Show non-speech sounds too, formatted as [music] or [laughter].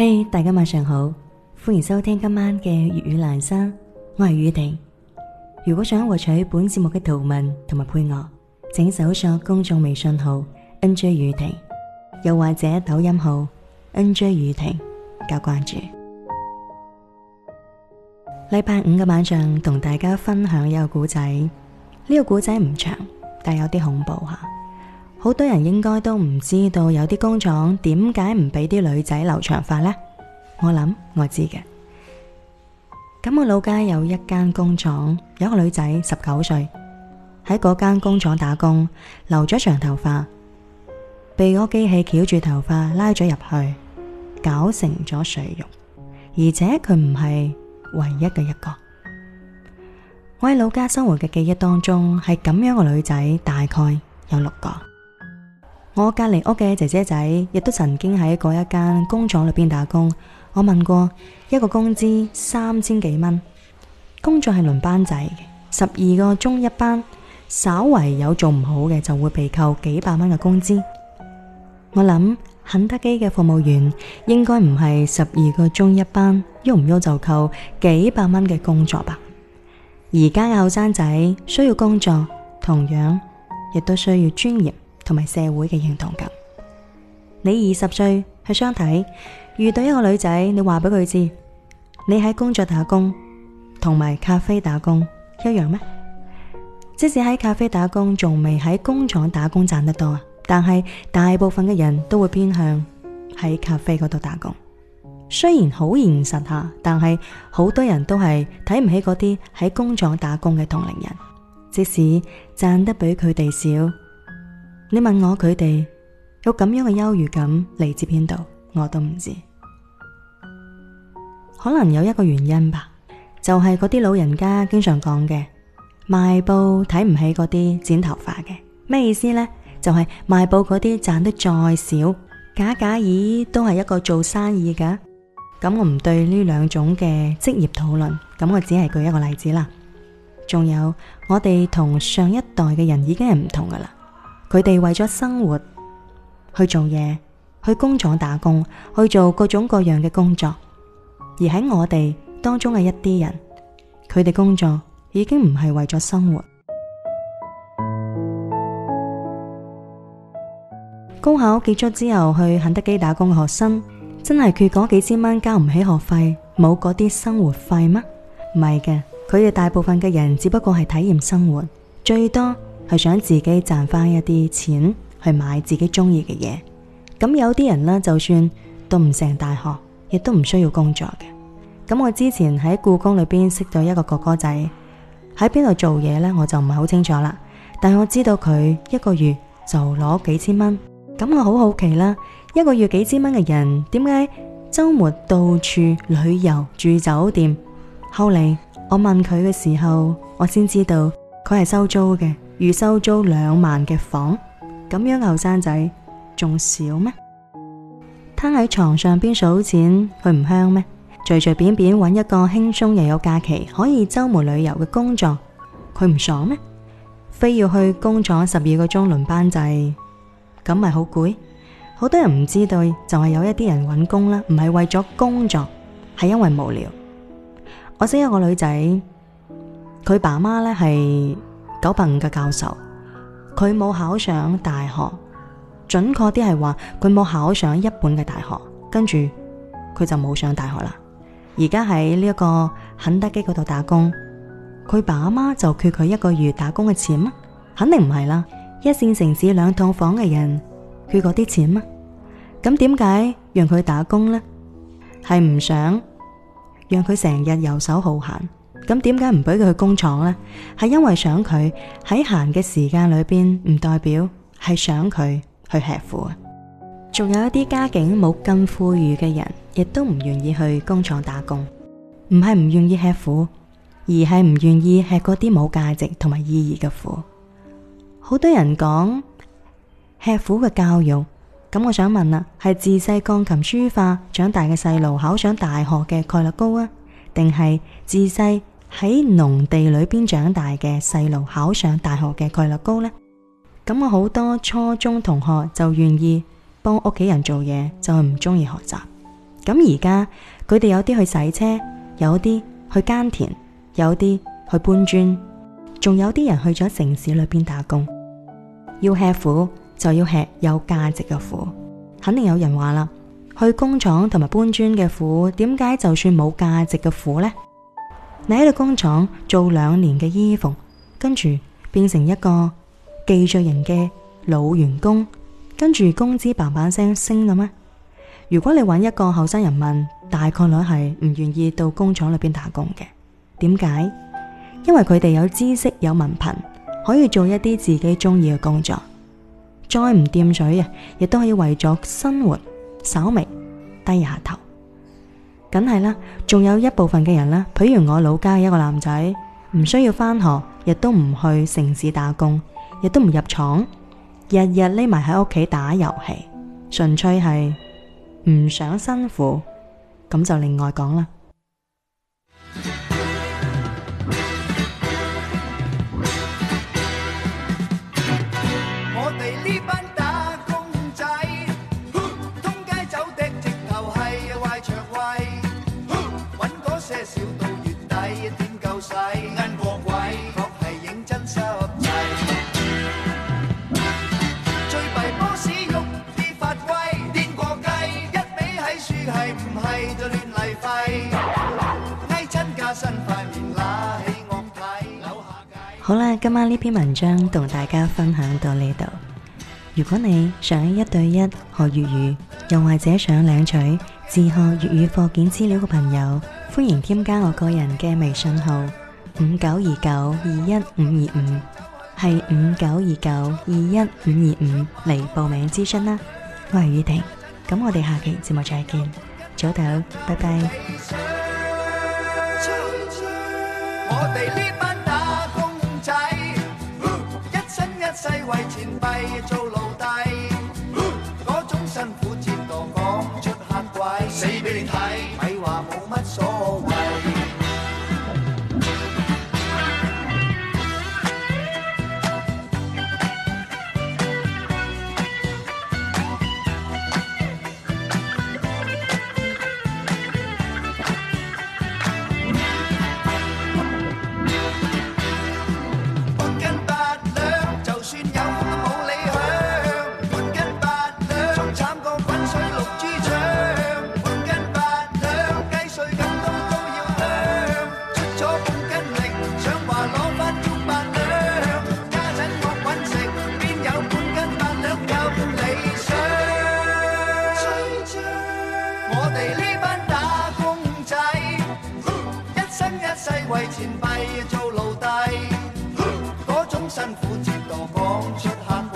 嘿、hey，大家晚上好，歡迎收聽今晚嘅粵語闌珊，我係宇婷。如果想獲取本節目嘅圖文同埋配樂，請搜索公眾微信號 nj 宇婷，又或者抖音號 nj 宇婷，加關注。禮拜五嘅晚上同大家分享一個故仔，呢、這個故仔唔長，但有啲恐怖吓。好多人應該都唔知道，有啲工廠點解唔俾啲女仔留長髮呢？我諗我知嘅。咁我老家有一間工廠，有個女仔十九歲喺嗰間工廠打工，留咗長頭髮，被個機器翹住頭髮拉咗入去，搞成咗碎肉，而且佢唔係唯一嘅一個。我喺老家生活嘅記憶當中，係咁樣嘅女仔大概有六個。我隔籬屋嘅姐姐仔亦都曾經喺嗰一間工廠裏邊打工。我問過一個工資三千幾蚊，工作係輪班制嘅。十二個鐘一班，稍為有做唔好嘅就會被扣幾百蚊嘅工資。我諗肯德基嘅服務員應該唔係十二個鐘一班，喐唔喐就扣幾百蚊嘅工作吧。而家嘅後生仔需要工作，同樣亦都需要尊嚴，同埋社會嘅認同感。你二十歲去相睇，遇到一個女仔，你話俾佢知，你喺工作打工同埋咖啡打工一樣咩？即使喺咖啡打工，仲未喺工廠打工賺得多啊！但係大部分嘅人都會偏向喺咖啡嗰度打工。雖然好現實下，但係好多人都係睇唔起嗰啲喺工廠打工嘅同齡人，即使賺得比佢哋少。你問我佢哋有咁樣嘅優越感嚟自邊度，我都唔知道。可能有一個原因吧，就係嗰啲老人家經常講嘅賣布睇唔起嗰啲剪頭髮嘅咩意思呢？就係、是、賣布嗰啲賺得再少，假假已都係一個做生意噶。咁我唔對呢兩種嘅職業討論，咁我只係舉一個例子啦。仲有我哋同上一代嘅人已經係唔同噶啦。佢哋為咗生活去做嘢，去工廠打工，去做各種各樣嘅工作。而喺我哋當中嘅一啲人，佢哋工作已經唔係為咗生活。高考結束之後去肯德基打工嘅學生，真係缺嗰幾千蚊交唔起學費，冇嗰啲生活費咩？唔係嘅，佢哋大部分嘅人只不過係體驗生活，最多。係想自己賺翻一啲錢去買自己中意嘅嘢。咁有啲人呢，就算都唔成大學，亦都唔需要工作嘅。咁我之前喺故宮裏邊識到一個哥哥仔，喺邊度做嘢呢？我就唔係好清楚啦。但係我知道佢一個月就攞幾千蚊。咁我好好奇啦，一個月幾千蚊嘅人點解周末到處旅遊住酒店？後嚟我問佢嘅時候，我先知道佢係收租嘅。預收租兩萬嘅房，咁樣後生仔仲少咩？攤喺床上邊數錢，佢唔香咩？隨隨便便搵一個輕鬆又有假期，可以周末旅遊嘅工作，佢唔爽咩？非要去工廠十二個鐘輪班制，咁咪好攰？好多人唔知道，就係、是、有一啲人搵工啦，唔係為咗工作，係因為無聊。我識一個女仔，佢爸媽咧，係。是九八五嘅教授，佢冇考上大學，準確啲係話佢冇考上一本嘅大學，跟住佢就冇上大學啦。而家喺呢一個肯德基嗰度打工，佢爸阿媽就缺佢一個月打工嘅錢嗎？肯定唔係啦，一線城市兩套房嘅人缺嗰啲錢嗎？咁點解讓佢打工呢？係唔想讓佢成日遊手好閒。咁點解唔俾佢去工廠呢？係因為想佢喺閒嘅時間裏邊，唔代表係想佢去吃苦啊。仲有一啲家境冇咁富裕嘅人，亦都唔願意去工廠打工，唔係唔願意吃苦，而係唔願意吃嗰啲冇價值同埋意義嘅苦。好多人講吃苦嘅教育，咁我想問啊，係自細鋼琴書法長大嘅細路考上大學嘅概率高啊，定係自細？喺農地裏邊長大嘅細路考上大學嘅概率高呢？咁我好多初中同學就願意幫屋企人做嘢，就係唔中意學習。咁而家佢哋有啲去洗車，有啲去耕田，有啲去搬磚，仲有啲人去咗城市裏邊打工。要吃苦就要吃有價值嘅苦，肯定有人話啦，去工廠同埋搬磚嘅苦，點解就算冇價值嘅苦呢？你喺個工廠做兩年嘅衣服，跟住變成一個記賬人嘅老員工，跟住工資棒棒聲升嘅咩？如果你揾一個後生人問，大概率係唔願意到工廠裏邊打工嘅。點解？因為佢哋有知識、有文憑，可以做一啲自己中意嘅工作，再唔掂水啊，亦都可以為咗生活稍微低下頭。梗係啦，仲有一部分嘅人啦，譬如我老家嘅一個男仔，唔需要返學，亦都唔去城市打工，亦都唔入廠，日日匿埋喺屋企打遊戲，純粹係唔想辛苦，咁就另外講啦。好啦，今晚呢篇文章同大家分享到呢度。如果你想一對一學粵語，又或者想領取自學粵語課件資料嘅朋友，歡迎添加我個人嘅微信號五九二九二一五二五，係五九二九二一五二五嚟報名諮詢啦。我係宇婷，咁我哋下期節目再見，早唞，拜拜。 [music] 死俾你睇，咪話冇乜所謂。辛苦折墮，講出口。